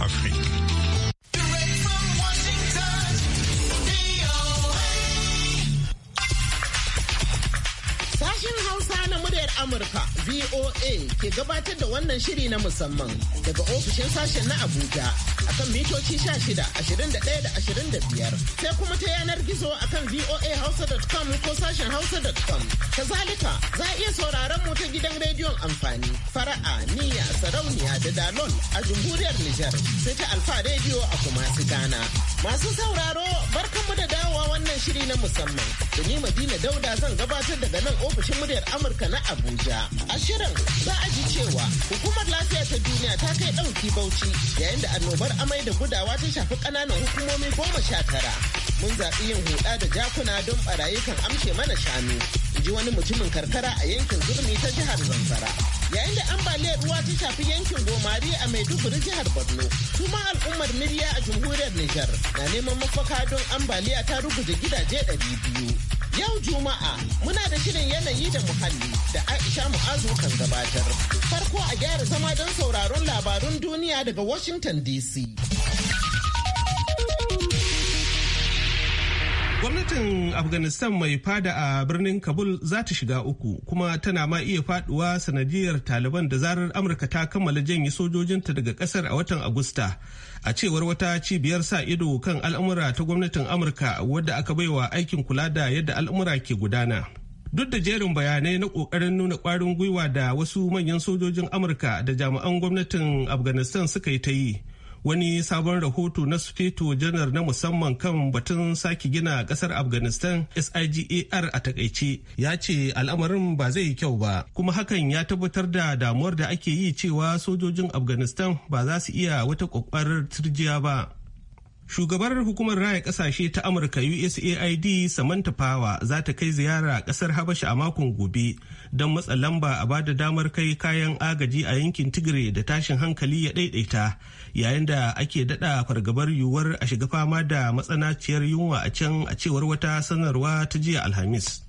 Afrique. Amurka VOA ke gabatar da wannan shiri na musamman daga ofishin sashen na Abuja akan mitoci 16, 21 da 25 sai kuma ta yanar gizo akan voahausa.com ko sashen hausa.com. Kazalika za a iya sauraron mu ta gidan rediyon amfani fara'a niya sarauniya da dalol a jamhuriyar Nijar sai ta alfa rediyo a kuma su Ghana. Masu sauraro barkanmu da dawowa wannan shiri na musamman. Da ni Madina Dauda zan gabatar daga nan ofishin muryar Amurka na Abuja. Abuja. A shirin za a ji cewa hukumar lafiya ta duniya ta kai ɗauki Bauchi yayin da annobar amai da gudawa ta shafi ƙananan hukumomi goma sha tara. Mun zaɓi yin huɗa da jakuna don ɓarayi kan amshe mana shanu. Ji wani mutumin karkara a yankin Zurmi ta jihar Zamfara. Yayin da ambaliyar ruwa ta shafi yankin Gomari a Maiduguri jihar Borno. Kuma al'ummar Miriya a jamhuriyar Nijar na neman mafaka don ambaliya ta ruguje gidaje ɗari biyu. Yau Juma'a muna da shirin yanayi da muhalli da Aisha Mu'azu kan gabatar. Farko a gyara zama don sauraron labarun duniya daga Washington DC. Gwamnatin Afghanistan mai fada a birnin Kabul za ta shiga uku kuma tana ma iya faduwa sanadiyar Taliban da zarar Amurka ta kammala janye sojojinta daga kasar a watan Agusta. A cewar wata cibiyar sa ido kan al'amura ta gwamnatin Amurka wadda aka baiwa aikin kula da yadda al'amura ke gudana. Duk da jerin bayanai na kokarin nuna kwarin gwiwa da wasu manyan sojojin Amurka da jami'an gwamnatin Afghanistan suka yi ta yi. wani sabon rahoto na sufeto janar na musamman kan batun sake gina kasar afghanistan sigar a takaice ya ce al'amarin ba zai yi kyau ba kuma hakan ya tabbatar da damuwar da ake yi cewa sojojin afghanistan ba za su iya wata kwakwarar turjiya ba Shugabar hukumar raya kasashe ta Amurka USAID Samantha Power za ta kai ziyara kasar Habasha a makon gobe don matsa lamba a bada damar kai kayan agaji a yankin Tigray da tashin hankali ya daidaita yayin da ake dada fargabar yiwuwar a shiga fama da matsanaciyar yunwa a can a cewar wata sanarwa ta jiya Alhamis.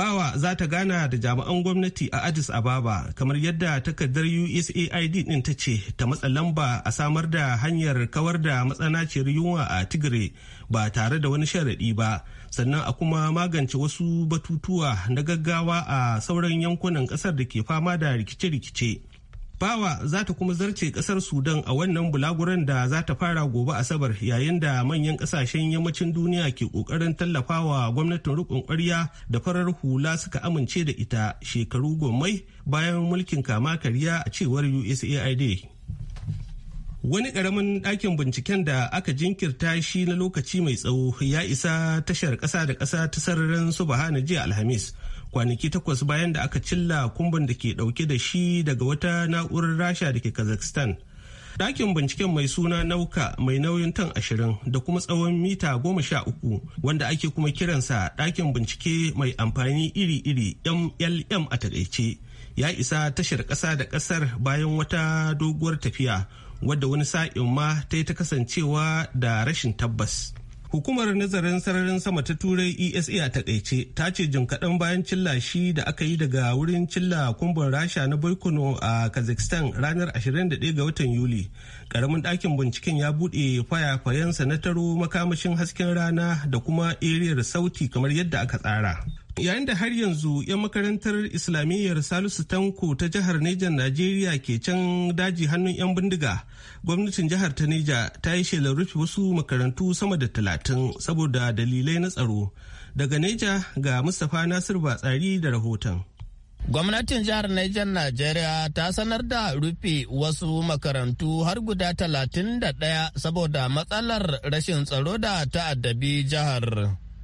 Fawa za ta gana da jami'an gwamnati a Addis Ababa kamar yadda takardar USAID din ta ce ta matsa lamba a samar da hanyar kawar da matsanaciyar yunwa a Tigray ba tare da wani sharaɗi ba sannan a kuma magance wasu batutuwa na gaggawa a sauran yankunan ƙasar da ke fama da rikice-rikice. bawa za ta kuma zarce kasar sudan a wannan bulaguran da za ta fara gobe asabar yayin da manyan kasashen yammacin duniya ke kokarin tallafawa gwamnatin rukun kwarya da farar hula suka amince da ita shekaru gomai bayan mulkin kama karya a cewar usaid wani karamin ɗakin binciken da aka jinkirta shi na lokaci mai tsawo ya isa tashar ƙasa da ƙasa ta sararin subhana jiya alhamis kwanaki takwas bayan da aka cilla kumbin da ke dauke da shi daga wata na'urar rasha da ke kazakhstan Dakin binciken mai suna nauka mai nauyin tan ashirin da kuma tsawon mita goma sha uku wanda ake kuma kiransa dakin bincike mai amfani iri-iri mlm a takaice ya isa tashar ƙasa da ƙasar bayan wata doguwar tafiya wadda wani sa'in ma ta yi ta kasancewa da rashin tabbas. Hukumar nazarin sararin sama ta turai ESA a takaice ta ce jin kaɗan bayan cilla shi da aka yi daga wurin cilla kumbin rasha na Boikono a Kazakhstan ranar 21 ga watan Yuli. Karamin ɗakin binciken ya buɗe fayafayensa na taro makamashin hasken rana da kuma eriyar sauti kamar yadda aka tsara. yayin da har yanzu 'yan makarantar islamiyyar salisu tanko ta jihar neja najeriya ke can daji hannun 'yan bindiga gwamnatin jihar ta nija ta yi shelar rufe wasu makarantu sama da talatin saboda dalilai na tsaro daga neja ga mustapha nasir batsari da rahoton Gwamnatin jihar Niger Najeriya ta sanar da rufe wasu makarantu har guda talatin da ɗaya saboda matsalar rashin tsaro da ta'addabi jihar.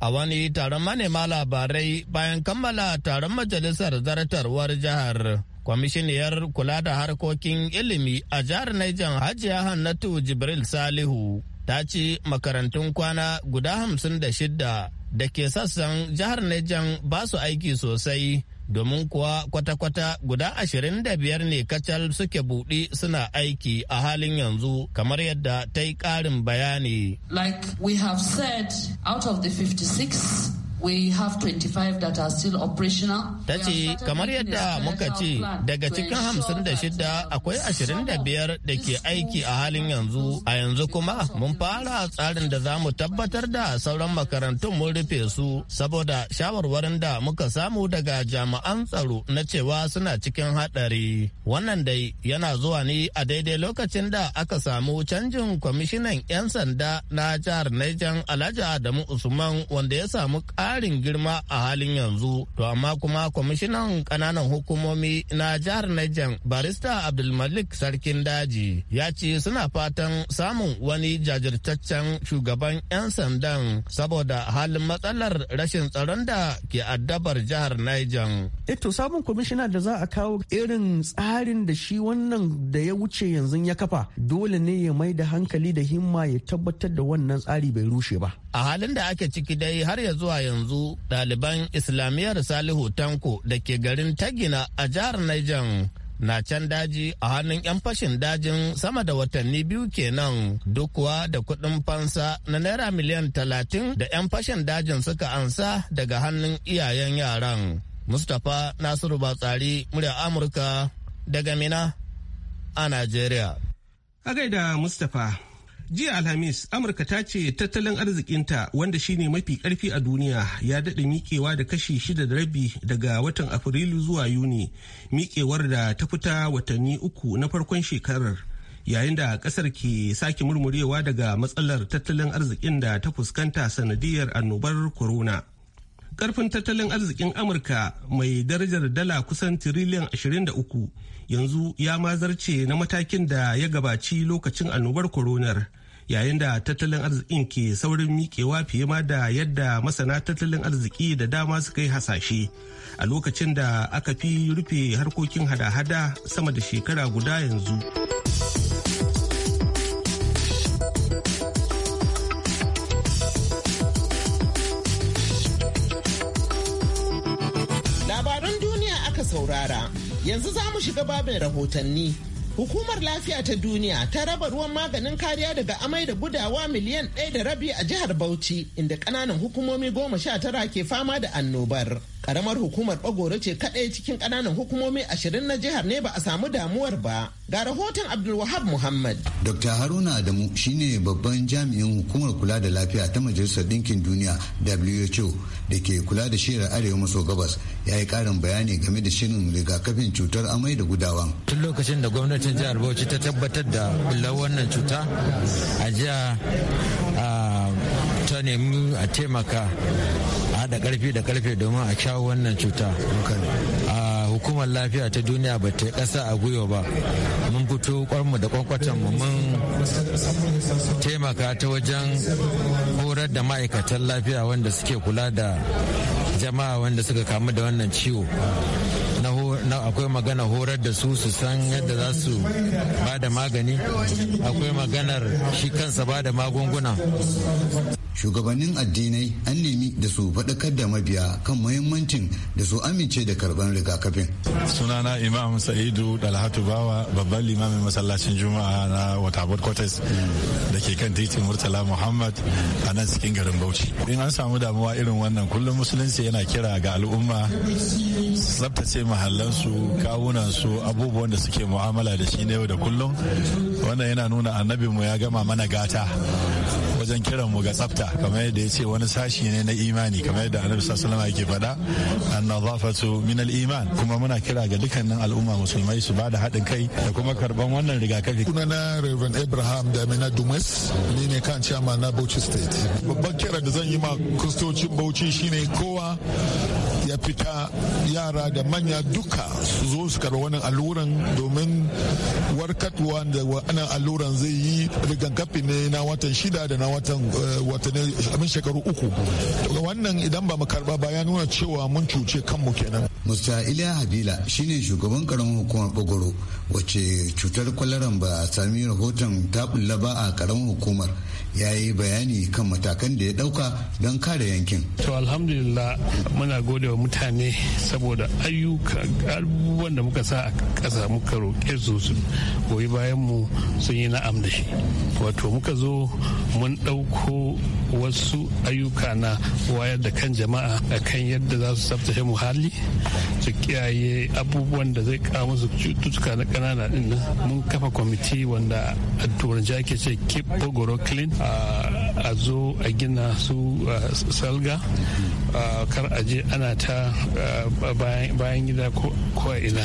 a wani taron manema labarai bayan kammala taron majalisar zartarwar jihar. Kwamishiniyar kula da harkokin ilimi a jihar Niger Hajiya Hannatu Jibril Salihu ta ce makarantun kwana guda hamsin da shidda da ke sassan jihar Niger ba su aiki sosai domin kuwa kwata-kwata guda ashirin da biyar ne kacal suke buɗe suna aiki a halin yanzu kamar yadda ta yi ƙarin bayani. Like we have said, out of the 56 Ta ce, kamar yadda muka ce, daga cikin hamsin da shida akwai ashirin da biyar da ke aiki a halin yanzu. A yanzu kuma mun fara tsarin da za mu tabbatar da sauran makarantun mun rufe su saboda shawarwarin da muka samu daga jami'an tsaro na cewa suna cikin haɗari. Wannan dai yana zuwa ne a daidai lokacin da aka samu canjin kwamishinan 'yan sanda na jihar Niger Alhaji Adamu Usman wanda ya samu ƙari ƙarin girma a halin yanzu to amma kuma kwamishinan ƙananan hukumomi na jihar Niger barista Abdulmalik sarkin daji ya ce suna fatan samun wani jajirtaccen shugaban 'yan sandan saboda halin matsalar rashin tsaron da ke addabar jihar Niger. Eto eh sabon kwamishina da za a kawo irin tsarin da shi wannan da ya wuce yanzu ya kafa dole ne ya mai da hankali da himma ya tabbatar da wannan tsari bai rushe ba. A halin da ake ciki dai har ya zuwa yanzu yanzu ɗaliban islamiyyar salihu tanko da ke garin tagina a jihar niger na can daji a hannun 'yan fashin dajin sama da watanni biyu kenan duk kuwa da kuɗin fansa na naira miliyan talatin da 'yan fashin dajin suka ansa daga hannun iyayen yaran mustapha nasiru batsari murya amurka daga mina a nigeria a gaida mustapha Jiya Alhamis, Amurka ta ce tattalin arzikinta wanda shine mafi karfi a duniya ya daɗe miƙewa da kashi shida da rabi daga watan Afrilu zuwa Yuni, miƙewar da ta fita watanni uku na farkon shekarar. Yayin da ƙasar ke sake murmurewa daga matsalar tattalin arzikin da ta fuskanta sanadiyar annobar corona. Karfin tattalin arzikin Amurka mai darajar dala kusan tiriliyan 23 yanzu ya mazarce na matakin da ya gabaci lokacin annobar koronar yayin da tattalin arzikin ke saurin miƙewa fiye ma da yadda masana tattalin arziki da dama suka yi hasashe a lokacin da aka fi rufe harkokin hada-hada sama da shekara guda yanzu. Labaran duniya aka saurara. Yanzu za mu shiga babin rahotanni. Hukumar lafiya ta duniya ta raba ruwan maganin kariya daga amai da gudawa miliyan ɗaya da rabi a jihar Bauchi inda ƙananan hukumomi goma sha tara ke fama da annobar. Karamar hukumar Bagoro ce kaɗai cikin ƙananan hukumomi ashirin na jihar ne ba a samu damuwar ba. Ga rahoton Abdulwahab Muhammad. dokta Haruna Adamu shine babban jami'in hukumar kula da lafiya ta Majalisar Ɗinkin Duniya WHO da ke kula da shirin Arewa maso gabas ya yi ƙarin bayani game da shirin rigakafin cutar amai da gudawa. Tun lokacin da gwamnati gwamnatin jihar bauchi ta tabbatar da bullar wannan cuta a jiya ta nemi a taimaka a haɗa karfi da ƙarfe domin a shawo wannan cuta hukumar lafiya ta duniya ba ta kasa a gwiwa ba mun fito kwarmu da kwankwatan mu mun taimaka ta wajen horar da ma'aikatan lafiya wanda suke kula da jama'a wanda suka kamu da wannan ciwo na akwai magana horar da su su san yadda za su ba da magani akwai maganar shi kansa ba da magunguna shugabannin addinai an nemi da su faɗakar da mabiya kan muhimmancin da su amince da karban rigakafin. sunana imam sa'idu dalhatu bawa babban limamin masallacin juma'a na watabot quarters da ke kan titin murtala muhammad a nan cikin garin bauchi in an samu damuwa irin wannan kullum musulunci yana kira ga al'umma tsabtace mahallan su kawuna su abubuwan da suke mu'amala da shi na yau da kullum wannan yana nuna mu ya gama mana gata wajen kiran mu ga tsafta kamar yadda ya ce wani sashi ne na imani kamar yadda annabi sallallahu alaihi yake faɗa annazafatu min al-iman kuma muna kira ga dukkanin al'umma musulmai su bada haɗin kai da kuma karban wannan rigakafi kuna na Reverend Abraham da amina Dumes ni ne kan chairman na Bauchi State babban kira da zan yi ma kristocin Bauchi shine kowa ya fita yara da manya duka su zo su karɓi wannan alluran domin warkatwa da wannan alluran zai yi rigakafi ne na watan shida da na watan eh, watanni shekaru uku wannan idan ba mu karba ba ya nuna cewa mun cuce kanmu kenan musta iliya habila shine shugaban karamin hukumar bogoro wacce cutar kwalaran ba a sami rahoton ta bulla ba a karamin hukumar ya yi bayani kan matakan da ya dauka don kare yankin to alhamdulillah muna gode wa mutane saboda ayyuka abubuwan da muka sa a ƙasa muka roƙe su su goyi bayan mu sun yi na'am da shi wato muka zo mun ɗauko wasu ayyuka na wayar da kan jama'a a kan yadda za su tsaftace muhalli su kiyaye abubuwan da zai kawo musu cututtuka na ƙanana din mun kafa kwamiti wanda a turanci ake ce keep bogoro clean a zo a gina su salga kar a je ana ta Eh, eh, bayan gida ko a ina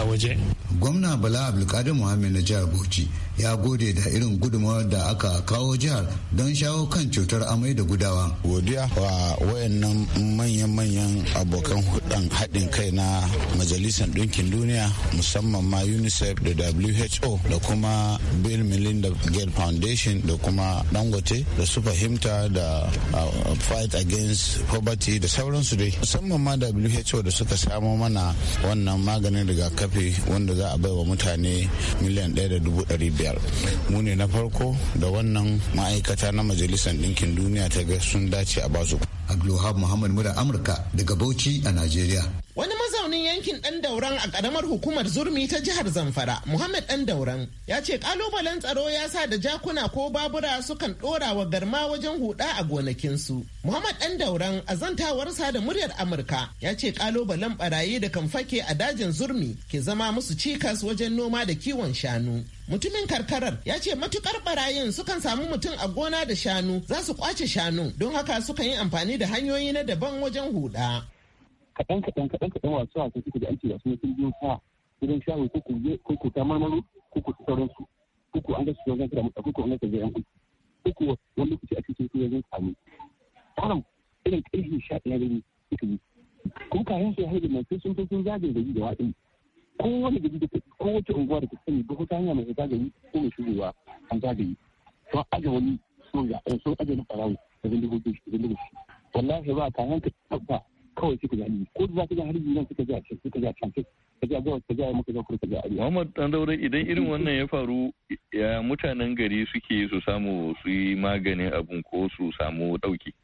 a waje gwamna bala abdulkadir muhammed na jihar bauchi ya gode da irin gudunmawar da aka kawo jihar don shawo kan cutar amai da gudawa. Godiya wa wayannan manyan-manyan abokan hudan haɗin kai na Majalisar Ɗinkin Duniya musamman ma UNICEF da WHO da kuma Bill Melinda Gates Foundation da kuma Dangote da su fahimta da uh, Fight Against Poverty da sauransu dai. Musamman ma WHO da suka samo mana wannan maganin rigakafi wanda za a baiwa mutane miliyan ɗaya da dubu biyar mu ne na farko da wannan ma'aikata na majalisar ɗinkin duniya ta ga sun dace a basu Abdullahi muhammad mura amurka daga bauchi a najeriya wani mazaunin yankin dan dauran a ƙaramar hukumar zurmi ta jihar zamfara muhammad dan dauran ya ce ƙalubalen tsaro ya sa da jakuna ko babura sukan ɗora wa garma wajen huda a gonakinsu muhammad dan dauran a zantawarsa da muryar amurka ya ce ƙalubalen barayi da kan fake a dajin zurmi ke zama musu cikas wajen noma da kiwon shanu mutumin karkarar ya ce matukar barayin sukan samu mutum a gona da shanu za su kwace shanu don haka suka yi amfani da hanyoyi na daban wajen huda kaɗan kaɗan kaɗan kaɗan wasu wasu suka ji an ce wasu sun biyo ta gidan shago ko ku je ko ku ta marmaro ko ku sauran su ko ku an ga su wajen kira mutane ko an ga su yan kuɗi ko ku wani lokaci a cikin su wajen samu. karam irin ƙarfi sha ɗaya gani suka yi kuka kayan su ya haɗe mai sun sun zagaye yi da waɗin kowane da da kowace unguwa da ta sani ba wata hanya mai zagayi ko mai shigowa an zagayi gari sun aje wani soja a sun aje na farawo da bindigogi da shi wallahi ba ka hanka tabba kawai suka gani ko za ka ga harbi nan suka ja can suka a can ka ja gawa ka ja maka ja kurka ja arewa Muhammad dan daure idan irin wannan ya faru ya mutanen gari suke su samu su yi maganin abun ko su samu dauki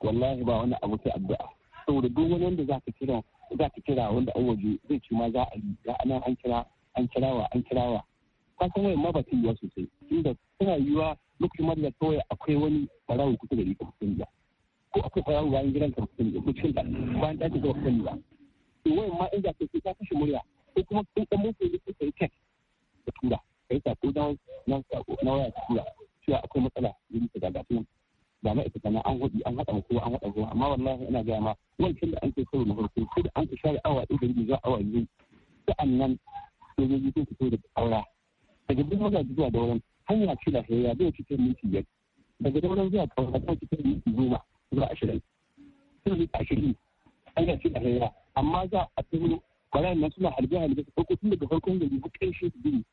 wallahi ba wani abu sai addu'a saboda duk wani wanda za ka kira za ka kira wanda an waje zai ce ma za a yi ga anan an kira an kirawa an kirawa ka san wayan ma ba ta wa sosai inda yi wa lokacin ma da kawai akwai wani barawo kusa da ita kusa da ko akwai barawo bayan gidan ka kusa da ko cikin da bayan ɗakin ka kusa da to wayan ma in za ka ce ka kashe murya ko kuma kun ɗan mutu ne kuka yi tek da tura kai sako na waya ta tura cewa akwai matsala yin ta gagatu ba ma ita kana an hudi an haɗa ko an haɗa ko amma wallahi ina ga ma wancan da an ce karo na farko ko da an ka share awa ɗaya da rabi zuwa awa biyu sa'annan sojoji sun ko da aura daga duk mazaji zuwa da wurin hanya ce lafiyayya zai cikin minti biyar daga da wurin zuwa kawai ta cikin minti goma zuwa ashirin sun yi ashirin hanya ce lafiyayya amma za a tuhu kwarayen nan suna harbiya harbe su farko tun daga farkon gari har shi su biyu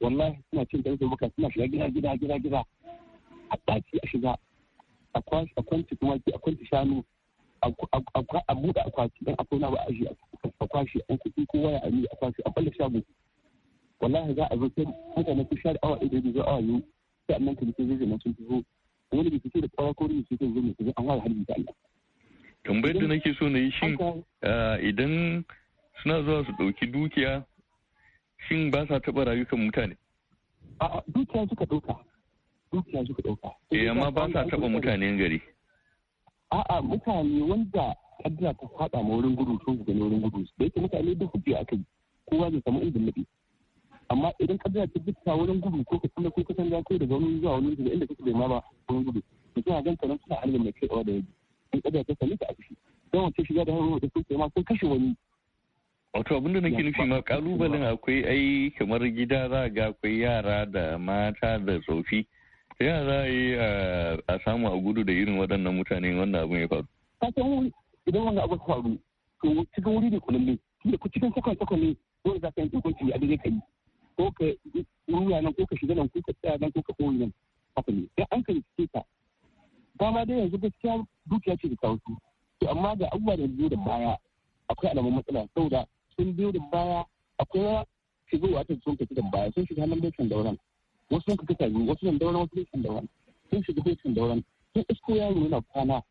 wallahi suna cin da baka suna shiga gida gida gida gida a ɗaki a shiga a tumaki a kwanta shanu a buɗe akwati dan akwai na ba a a kwashe an kuɗi ko waya a miya a kwashe a balle shago wallahi za a zo sai mutane sun share awa ɗaya da zai awa yau sai annan kuma sai zai zama sun fito wani bai fito da tsawa ko rini sai zai mutu an ware harbi da Allah tambayar da nake so na yi shin idan suna zuwa su ɗauki dukiya shin ba sa taɓa rayukan mutane? A dukiya suka ɗauka dukiya suka ɗauka. Eh amma ba sa taɓa mutanen gari. A'a mutane wanda kaddara ta faɗa ma wurin gudu sun gani wurin gudu da yake mutane duk kuke aka yi kowa zai samu inda naɗi. Amma idan kaddara ta dukka wurin gudu ko ka kuma ko ka canza ko daga wani zuwa wani daga inda kake bai ma ba wurin gudu. Mutum a ganka nan suna halin mai kaiwa da yaji. In kaddara ta sami ta a fushi. Don wace shiga da hannu da suke ma sun kashe wani wato abin abinda nake nufi ma kalubalen akwai ai kamar gida za ga akwai yara da mata da tsofi ya za a yi a samu a gudu da irin waɗannan mutane wannan abin ya faru idan wannan abin faru to cikin wuri ne kullalle da ku cikin sakon sakon ne wanda za ka yi hukunci a daidai yi ko ka ruya nan ko ka shiga nan ko ka tsaya nan ko ka koyi nan haka ne dan an kai cike ka ma dai yanzu gaskiya dukiya ce da kawo to amma ga abubuwa da biyo da baya akwai alamun matsala saboda sun biyo da baya akwai shigowa ta sun tafi da baya sun shiga hannun da dauran wasu sun kaka biyu wasu nan dauran wasu sun dauran sun shiga sai sun dauran sun isko yaro yana kwana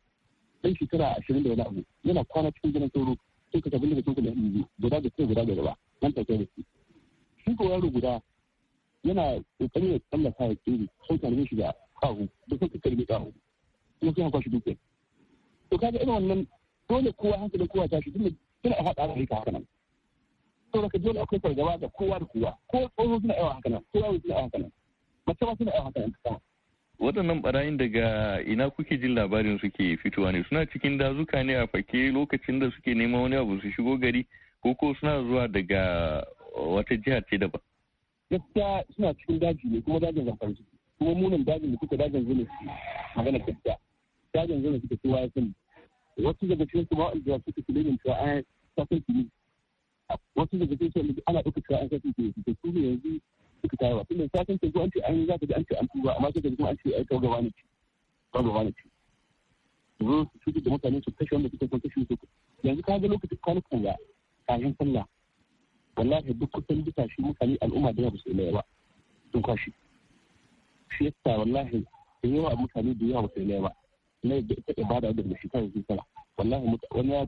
dan shekara ashirin da wani abu yana kwana cikin gidan sauro sun kasa bin da sun kaka biyu guda da sai guda da gaba nan ta kai da shi shi ko yaro guda yana kokarin ya tsallaka ya kiri sun karbe shi da kahu da sun karbe kahu kuma sun hankwa shi dukkan to kaga irin wannan dole kowa hankalin kowa tashi tunda a haɗa a rika haka nan saboda dole akwai fargaba da kowa da kowa ko tsoho suna yawa haka nan kowa suna yawa haka nan mace ba suna haka yan waɗannan barayin daga ina kuke jin labarin suke fitowa ne suna cikin dazuka ne a fake lokacin da suke neman wani abu su shigo gari ko ko suna zuwa daga wata jihar ce daban gaskiya suna cikin daji ne kuma dajin zafar kuma munin dajin da suka dajin zane su magana gaskiya dajin zane suka kowa ya sani wasu daga cikin su ba'an da suka kule ne cewa an sassan su ne wasu daga cikin su ana ɗauka cewa an sassan su ne su ne yanzu suka tunda ta san an ce an za ka ji an ce an tuba amma sai ka kuma an ce ai kawo gaba ne ci kawo gaba ne zo su da mutane su kashe wanda kashe su yanzu ka ga lokacin sallah wallahi duk kusan duka shi mutane al'umma da yawa su ilaya ba sun shi wallahi da yawa mutane da yawa su ilaya ba na yadda ita ibada da shi kawai sun wallahi wani ya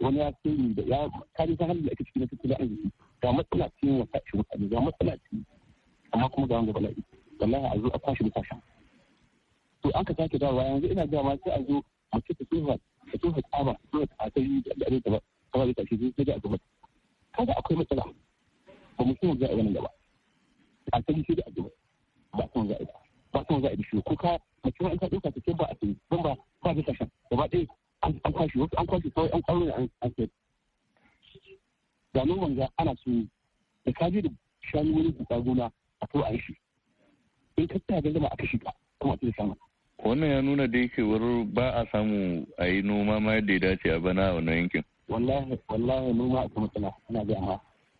wani ya da ya kare ta da ake cikin tattalin arziki ga matsala ce ya tashi mutane ga matsala ce amma kuma ga wanda bala'i wallahi a zo a kwashe mutane to an ka sake dawa yanzu ina gama sai a zo mace ta tsofa ta tsofa tsaba tsofa ta da abin gaba ta ba zai tashi sai da a gaba kaga akwai matsala ba mu so ga wannan gaba a sai sai da a gaba ba so ga ita ba so ga ita shi ko ka mace ma in ka dauka ta ce ba a sai ban ba ba gaba ɗaya an kwashe wasu an kwashe kawai an kwaro an an ga noman ga ana so da ka je da shanu wani kuka gona a to a yi shi in ka ta ba a kashi ka kuma a sama. wannan ya nuna da yake wurin ba a samu a yi noma ma yadda ya dace a bana a wannan yankin. Wallahi wallahi noma akwai matsala ina ga amma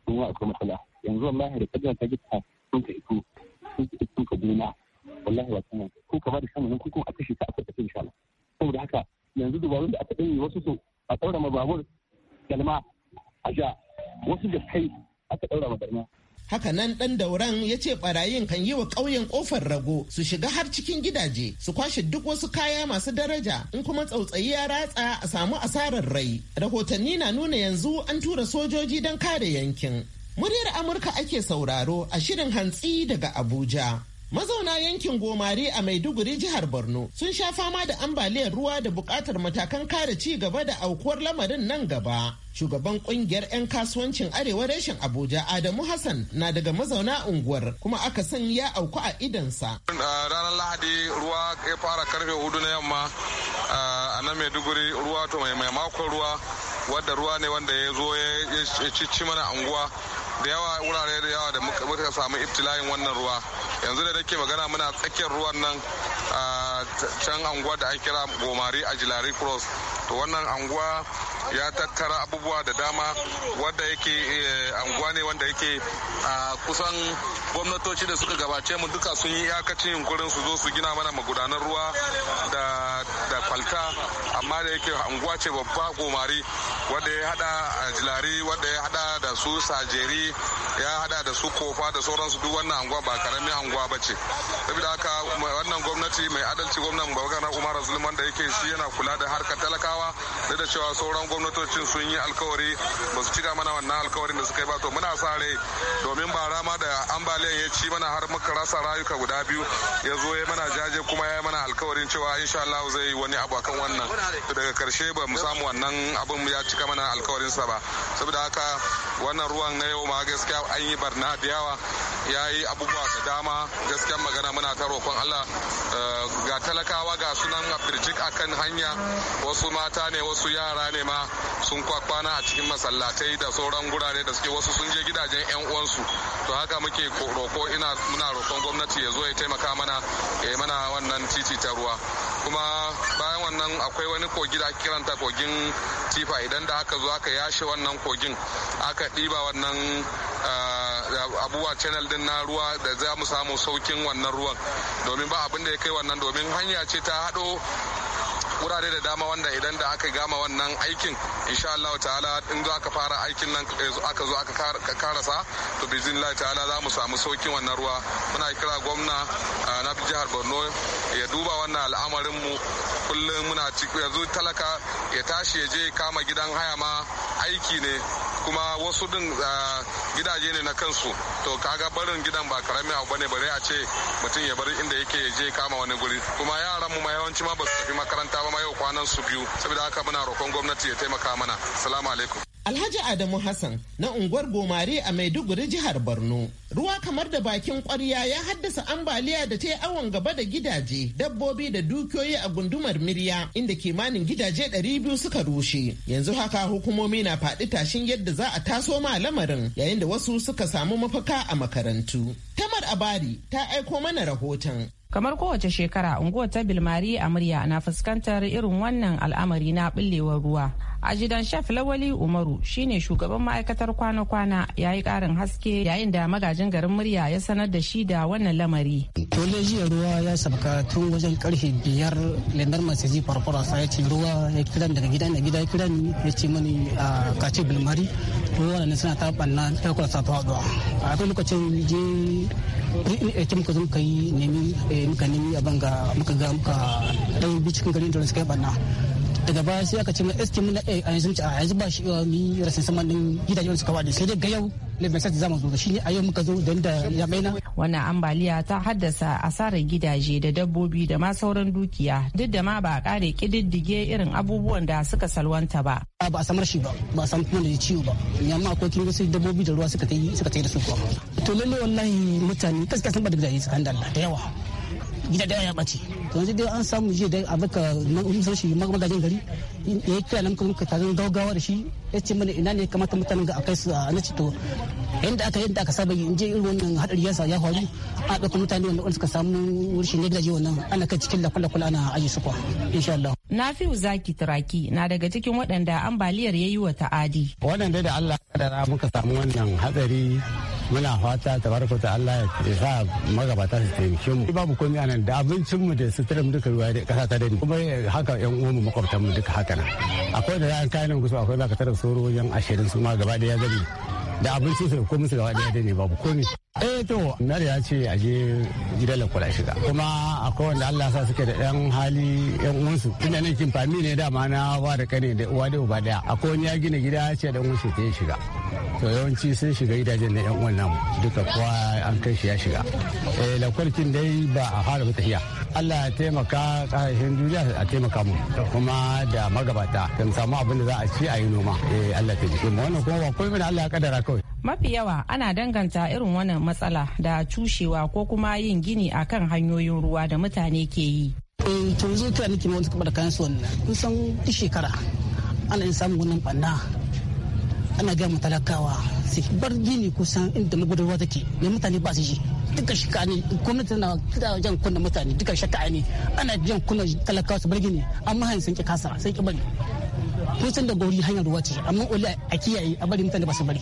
noma akwai matsala yanzu wallahi da kaddara ta gita sun ka iko sun ka gona wallahi ba kuma ko ka ba da shanu ko kuma a kashe ta a kwata insha Allah saboda haka yanzu dubarun da aka ɗanyi wasu su a tsaurama babur galma a sha wasu da kai aka ɗaura ma barna haka nan ɗan dauran ya ce ɓarayin kan yi wa ƙauyen ƙofar rago su shiga har cikin gidaje su kwashe duk wasu kaya masu daraja in kuma tsautsayi ya ratsa a samu asarar rai rahotanni na nuna yanzu an tura sojoji don kare yankin muryar amurka ake sauraro a shirin hantsi daga abuja Mazauna yankin Gomari a Maiduguri jihar Borno sun sha fama da ambaliyar ruwa da buƙatar matakan kare ci gaba da aukuwar lamarin nan gaba. Shugaban kungiyar 'yan kasuwancin Arewa reshen Abuja Adamu Hassan na daga mazauna unguwar kuma aka san ya auku a idansa. Ranar Lahadi ruwa ya fara karfe hudu na yamma a nan Maiduguri ruwa to mai makon ruwa wadda ruwa ne wanda ya zo ya ci mana unguwa. da yawa wurare da yawa da muka samu iftilayin wannan ruwa yanzu da nake magana muna tsakiyar ruwan nan can anguwa da an kira gomari a jilari cross to wannan anguwa ya tattara abubuwa da dama wanda yake eh, anguwa ne wanda yake a kusan gwamnatoci da suka gabace mu duka sun yi iyakacin yunkurin su zo su gina mana magudanar ruwa da kwalta amma da yake anguwa ce babba gomari wanda ya hada ajilari wanda ya hada da su sajeri ya hada da su kofa da sauransu duk wannan anguwa ba karamin anguwa ba ce saboda haka wannan gwamnati mai adalci gwamnan babakar umar zulum wanda yake shi yana kula da harkar talakawa duk da cewa sauran gwamnatocin sun yi alkawari ba su cika mana wannan alkawarin da suka yi ba to muna sa rai domin ba rama da ambaliyan ya ci mana har muka rasa rayuka guda biyu ya zo ya mana jaje kuma ya mana alkawarin cewa insha Allah zai yi wani abu akan wannan daga karshe ba mu samu wannan abin ya ci cika mana alkawarin sa ba saboda haka wannan ruwan na yau ma gaskiya an yi barna da yawa ya yi abubuwa da dama gaskiya magana muna ta roƙon Allah eh, ga talakawa ga sunan a akan hanya wasu mata ne wasu yara ne ma sun kwakwana a cikin masallatai da sauran gurare da suke wasu sun je gidajen yan uwansu to haka muke roƙo ina muna roƙon gwamnati ya zo ya taimaka mana ya mana wannan titi ta ruwa kuma baya wannan akwai wani kogi da kiranta kogin tifa idan da aka zo aka yashe wannan kogin aka ɗiba wannan eh, abubuwa channel din na ruwa da za mu samu saukin wannan ruwan domin ba abin da ya kai wannan domin hanya ce ta hado. wurare da dama wanda idan da aka gama wannan aikin insha Allah ta'ala in zo aka fara aikin nan eh, aka zo aka karasa to bizin Allah ta'ala za mu samu saukin wannan ruwa muna kira gwamna na jihar Borno ya duba wannan al'amarin mu kullum muna cikin yanzu talaka ya tashi ya je kama gidan haya ma aiki ne kuma wasu din gidaje ne na kansu to kaga barin gidan ba karami abu bane bare a ce mutum ya bar inda yake ya je kama wani guri kuma yaran mu ma yawanci ma ba su tafi makaranta ba ma yau kwanan su biyu saboda haka muna roƙon gwamnati ya taimaka mana salamu alaikum Alhaji Adamu Hassan na unguwar Gomare a Maiduguri jihar Borno. Ruwa kamar da bakin kwarya ya haddasa ambaliya da ta yi awon gaba da gidaje, dabbobi da dukiyoyi a gundumar Mirya inda kimanin gidaje 200 suka rushe. Yanzu haka hukumomi na faɗi tashin yadda za a taso ma lamarin yayin da wasu suka samu mafaka a makarantu. Tamar Abari ta aiko mana rahoton. kamar kowace shekara unguwar ta bilmari a murya na fuskantar irin wannan al'amari na ɓillewar ruwa ajidan chef lawali umaru shine shugaban ma'aikatar kwana-kwana ya yi karin haske yayin da magajin garin murya ya sanar da shi da wannan lamari dole jiya ruwa ya sabka tun wajen karfe biyar lindar masaji farfara sa ya ce ruwa ya kiran daga gida na gida ya kiran ya ce mani a ah, kace bilmari ruwa na suna ta banna ta kula sa ta a kai lokacin je kin muka zo yi nemi eh, muka nemi ga muka ga muka ɗan bi cikin garin da suka yi banna daga baya sai aka ce mai estim na a yanzu a yanzu ba shi yawa eh, mi rasin saman din gidajen suka wadi sai dai ga yau Lebe Sati zama zo da shi ne a yau muka zo don da maina. wannan ambaliya ta haddasa asarar gidaje da dabbobi da ma sauran dukiya duk da ma ba a kare kididdige irin abubuwan da suka salwanta ba ba a samar shi ba ba a samu kuma da ciwo ba yamma ko kin sai dabbobi da ruwa suka yi suka yi da su kuwa to lalle wallahi mutane gaskiya sun ba da gidaje suka handa da yawa gida da ya bace to yanzu dai an samu je da abuka mun shi magajin gari ya yi kira nan kuma tazan gaugawa da shi ya ce mana ina ne kamata mutanen ga akai su a na to inda aka yadda aka saba in je irin wannan hadari ya ya faru a ɗauka mutane wanda suka samu rashin ne gidaje wannan ana kai cikin lakula-lakula ana aji su kwa insha Allah. Nafi'u Zaki Turaki na daga cikin waɗanda ambaliyar ya yi wa ta'adi. Waɗanda da Allah kadara muka samu wannan hatsari muna fata barko ta Allah ya sa magabata su taimake mu babu komai anan da abincin mu da suturin duka ruwa da kasa ta dani kuma haka yan uwan mu makwabtan mu duka haka nan akwai da ran kayan gusu akwai ka tara soro wajen ashirin su ma gaba da ya gani da abinci su ko musu gaba ɗaya ne babu komi eh to na da ya ce a je gidan kula shiga kuma akwai wanda Allah sa suke da ɗan hali ɗan uwansu Ina nan kin fami ne dama na ba da kane da uwa da uba daya akwai wani ya gina gida ya ce ɗan uwansu ta shiga to yawanci sun shiga gidajen na ɗan uwan namu duka kowa an kai shi ya shiga eh lakwarkin dai ba a fara ba Allah ya taimaka ƙasashen duniya a taimaka mu kuma da magabata da mu samu abin da za a ci a yi noma eh Allah ta mu wannan kuma ba komai Allah ya kaddara kawai mafi yawa ana danganta irin wannan matsala da cushewa ko kuma yin gini akan hanyoyin ruwa da mutane ke yi eh, to yanzu ta nake wani kuma da kayan su wannan kun san duk shekara ana yin samun wannan banna ana ga mutalakawa talakawa sai bar gini kusan inda magudarwa take ne mutane ba su ji duka shika ne gwamnati na tana jan kunna mutane duka shaka ne ana jan kunna talakawa su bargi ne amma hanyar sun ki kasa sun ki bari kun san da gori hanyar ruwa ce amma ole a kiyaye a bari mutane ba su bari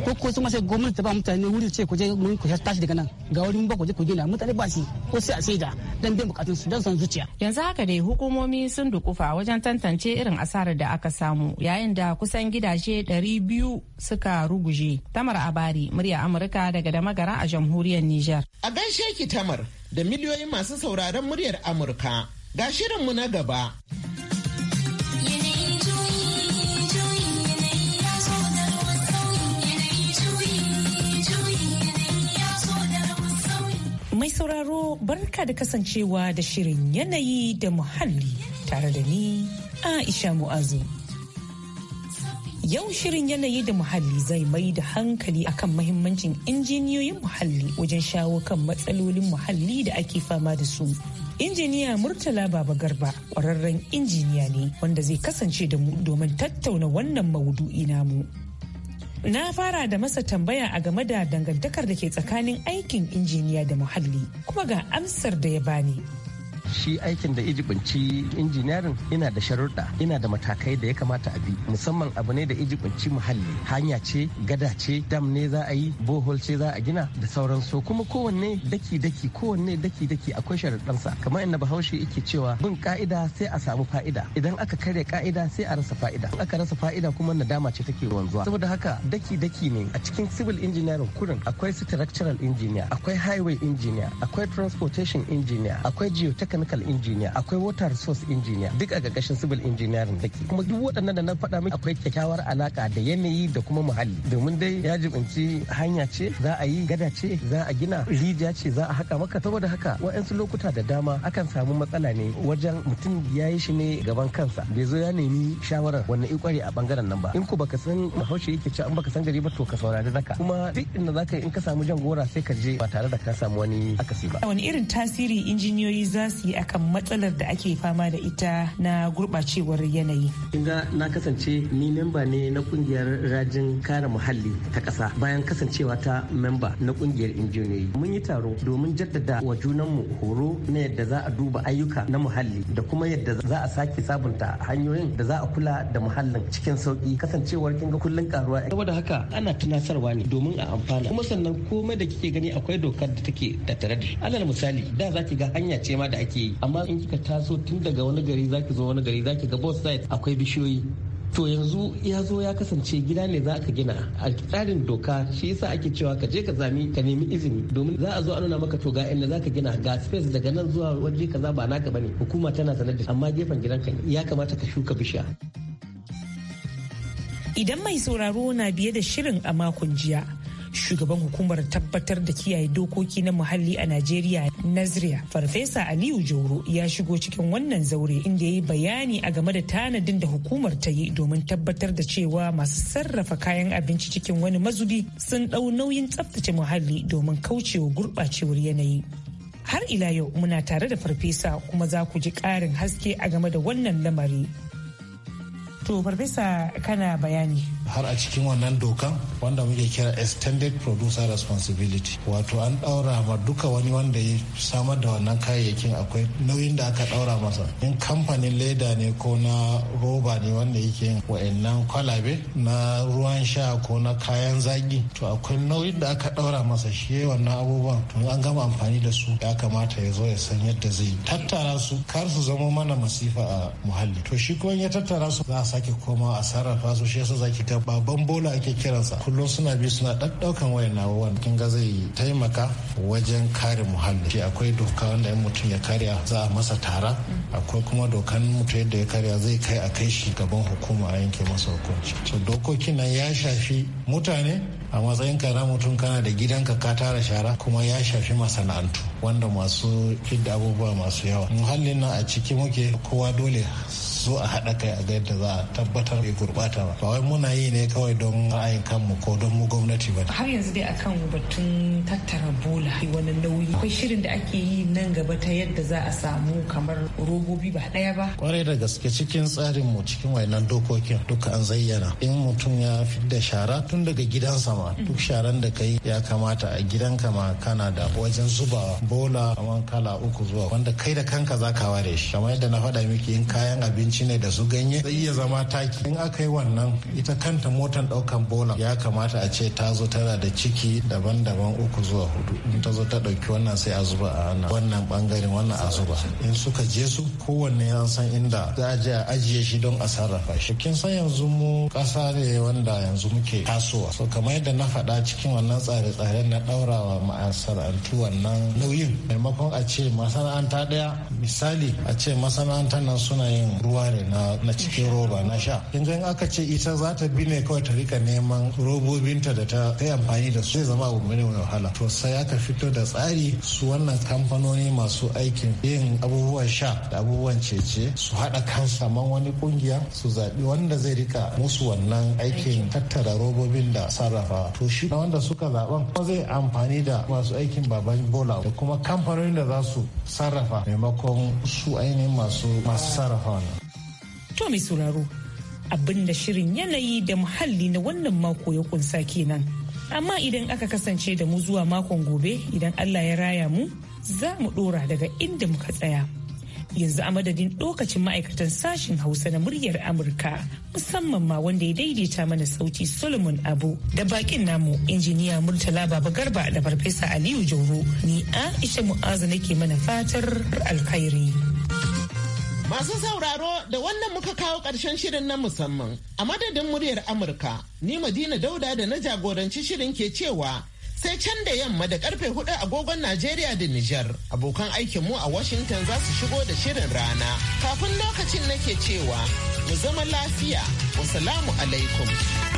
ko ko sun sai gwamnati ta ba mutane wuri ce ku je mun ku tashi daga nan ga wurin ba ku je ku gina mutane ba shi ko sai a saida dan bin bukatun su dan san zuciya yanzu haka dai hukumomi sun dukufa wajen tantance irin asarar da aka samu yayin da kusan gidaje 200 suka ruguje tamar abari murya amurka daga damagara a jamhuriyar niger a gaishe ki tamar da miliyoyin masu sauraron muryar amurka ga shirinmu na gaba sauraro barka da kasancewa da shirin yanayi da muhalli tare da ni Aisha Mu'azu. Yau shirin yanayi da muhalli zai mai da hankali akan mahimmancin injiniyoyin muhalli wajen shawo kan matsalolin muhalli da ake fama da su. Injiniya Murtala Baba Garba ƙwararren injiniya ne wanda zai kasance da mu domin tattauna wannan maudu'i namu. Na fara da masa tambaya a game da dangantakar da ke tsakanin aikin injiniya da muhalli, kuma ga amsar da ya bani. shi aikin da ijibanci injiniyarin ina da sharuɗa ina da matakai da ya kamata a bi musamman abu ne da ijibinci muhalli hanya ce gada ce dam ne za a yi bohol ce za a gina da sauran so kuma kowanne daki daki kowanne daki daki akwai sharuɗansa kamar inda bahaushe yake cewa bin ka'ida sai a samu fa'ida idan aka karya ka'ida sai a rasa fa'ida aka rasa fa'ida kuma nadama ce take wanzuwa saboda haka daki daki ne a cikin civil engineering kurin akwai structural engineer akwai highway engineer akwai transportation engineer akwai geotechnical chemical engineer akwai water resource engineer duk a gagashin civil engineering ke kuma duk waɗannan da na faɗa miki akwai kyakkyawar alaka da yanayi da kuma muhalli domin dai ya jibinci hanya ce za a yi gada ce za a gina rijiya ce za a haka maka saboda haka waɗansu lokuta da dama akan samu matsala ne wajen mutum ya yi shi ne gaban kansa bai zo ya nemi shawarar wani kware a bangaren nan ba in ku baka san bahaushe yake ci an baka san gari ba to ka saurari zaka kuma duk inda zaka in ka samu jan gora sai ka je ba tare da ka samu wani akasi ba wani irin tasiri injiniyoyi za su hankali akan matsalar da ake fama da ita na gurɓacewar yanayi. Kinga na kasance ni memba ne na kungiyar rajin kare muhalli ta ƙasa bayan kasancewa ta memba na kungiyar injiniyoyi. Mun yi taro domin jaddada wa junanmu horo na yadda za a duba ayyuka na muhalli da kuma yadda za a sake sabunta hanyoyin da za a kula da muhallin cikin sauki kasancewar kinga kullum karuwa. Saboda haka ana tunasarwa ne domin a amfana kuma sannan komai da kike gani akwai dokar da take tattare da. Alal misali da za ki ga hanya ce ma da ake yi amma in kika taso tun daga wani gari zaki zo wani gari zaki ga both side akwai bishiyoyi to yanzu ya zo ya kasance gida ne za ka gina a tsarin doka shi yasa ake cewa ka je ka zami ka nemi izini domin za a zo a nuna maka to ga inda za ka gina ga space daga nan zuwa waje kaza ba naka bane hukuma tana sanar da amma gefen gidan ka ya kamata ka shuka bishiya idan mai sauraro na biye da shirin a makon jiya shugaban hukumar tabbatar da kiyaye dokoki na muhalli a najeriya nazria farfesa aliyu jauro ya shigo cikin wannan zaure inda ya yi bayani a game da tanadin da hukumar ta yi domin tabbatar da cewa masu sarrafa kayan abinci cikin wani mazubi sun ɗau nauyin tsaftace muhalli domin kaucewa gurɓacewar yanayi har ila yau muna tare da farfesa kuma za ku ji ƙarin haske a game da wannan lamari to farfesa kana bayani har a cikin wannan dokan wanda muke kira extended producer responsibility wato an daura ma duka wani wanda ya samar da wannan kayayyakin akwai nauyin da aka daura masa in kamfanin leda ne ko na roba ne wanda yake yin wa'annan kwalabe na ruwan sha ko na kayan zaki to akwai nauyin da aka daura masa shi wannan abubuwan to an gama amfani da su ya kamata ya zo ya san yadda zai tattara su kar su zama mana masifa a muhalli to shi kuma ya tattara su za a sake koma a sarrafa su shi yasa zaki ga babban bola ake kiransa kullum suna bi suna ɗaukan wayan na wani kin ga zai taimaka wajen kare muhalli akwai doka wanda in mutum ya karya za a masa tara akwai kuma dokan mutum yadda ya karya zai kai a kai shi gaban hukuma a yanke masa hukunci so dokokin nan ya shafi mutane a matsayin ka na mutum kana da gidanka ka tara shara kuma ya shafi masana'antu wanda masu fidda abubuwa masu yawa muhallin nan a ciki muke kowa dole zo a haɗa kai a ga yadda za a tabbatar bai gurɓata ba ba wai muna yi ne kawai don ra'ayin kanmu ko don mu gwamnati ba har yanzu dai akan batun tattara bola wani nauyi akwai shirin da ake yi nan gaba ta yadda za a samu kamar robobi ba ɗaya ba kwarai da gaske cikin tsarin mu cikin wayannan dokokin duka an zayyana in mutum ya fidda shara tun daga gidansa ma duk sharan da kai ya kamata a gidanka ma kana da wajen zuba bola kamar kala uku zuwa wanda kai da kanka za ka ware shi kamar yadda na faɗa miki in kayan abinci abinci ne da su ganye zai iya zama taki in aka yi wannan ita kanta motan daukan bola ya kamata a ce ta zo tana da ciki daban-daban uku zuwa hudu in ta zo ta dauki wannan sai a zuba a ana wannan bangaren wannan a zuba in suka je su kowanne ya san inda za a je a ajiye shi don a sarrafa shi kin san yanzu mu kasa ne wanda yanzu muke tasowa so kamar yadda na faɗa cikin wannan tsare-tsaren na ɗaurawa masana'antu wannan nauyin maimakon a ce masana'anta daya. misali a ce masana'antar nan suna yin ruwa ruwa ne na cikin roba na sha yanzu in aka ce ita za ta bi ne kawai ta rika neman robobinta da ta kai amfani da su zai zama abu mai wahala to sai aka fito da tsari su wannan kamfanoni masu aikin yin abubuwan sha da abubuwan cece su haɗa kan saman wani kungiya su zaɓi wanda zai rika musu wannan aikin tattara robobin da sarrafa to shi wanda suka zaɓan kuma zai amfani da masu aikin baban bola da kuma kamfanonin da za su sarrafa maimakon su ainihin masu masu sarrafa wannan To mai sauraro abinda shirin yanayi da muhalli na wannan mako ya kunsa kenan. Amma idan aka kasance da mu zuwa makon gobe idan Allah ya raya mu za mu ɗora daga inda muka tsaya. Yanzu a madadin ɗokacin ma'aikatan sashen Hausa na muryar Amurka musamman ma wanda ya daidaita mana sauti Solomon Abu da bakin namu injiniya Murtala Baba Garba da Farfesa Aliyu Jauro ni Aisha Mu'azu nake mana fatar alkhairi. Masu sauraro da wannan muka kawo ƙarshen shirin na musamman a madadin muryar Amurka, ni Madina Dauda da na jagoranci shirin ke cewa sai can da yamma da karfe hudu agogon Najeriya da Nijar abokan aikin mu a Washington za su shigo da shirin rana. Kafin lokacin nake cewa mu zama lafiya, wasalamu alaikum.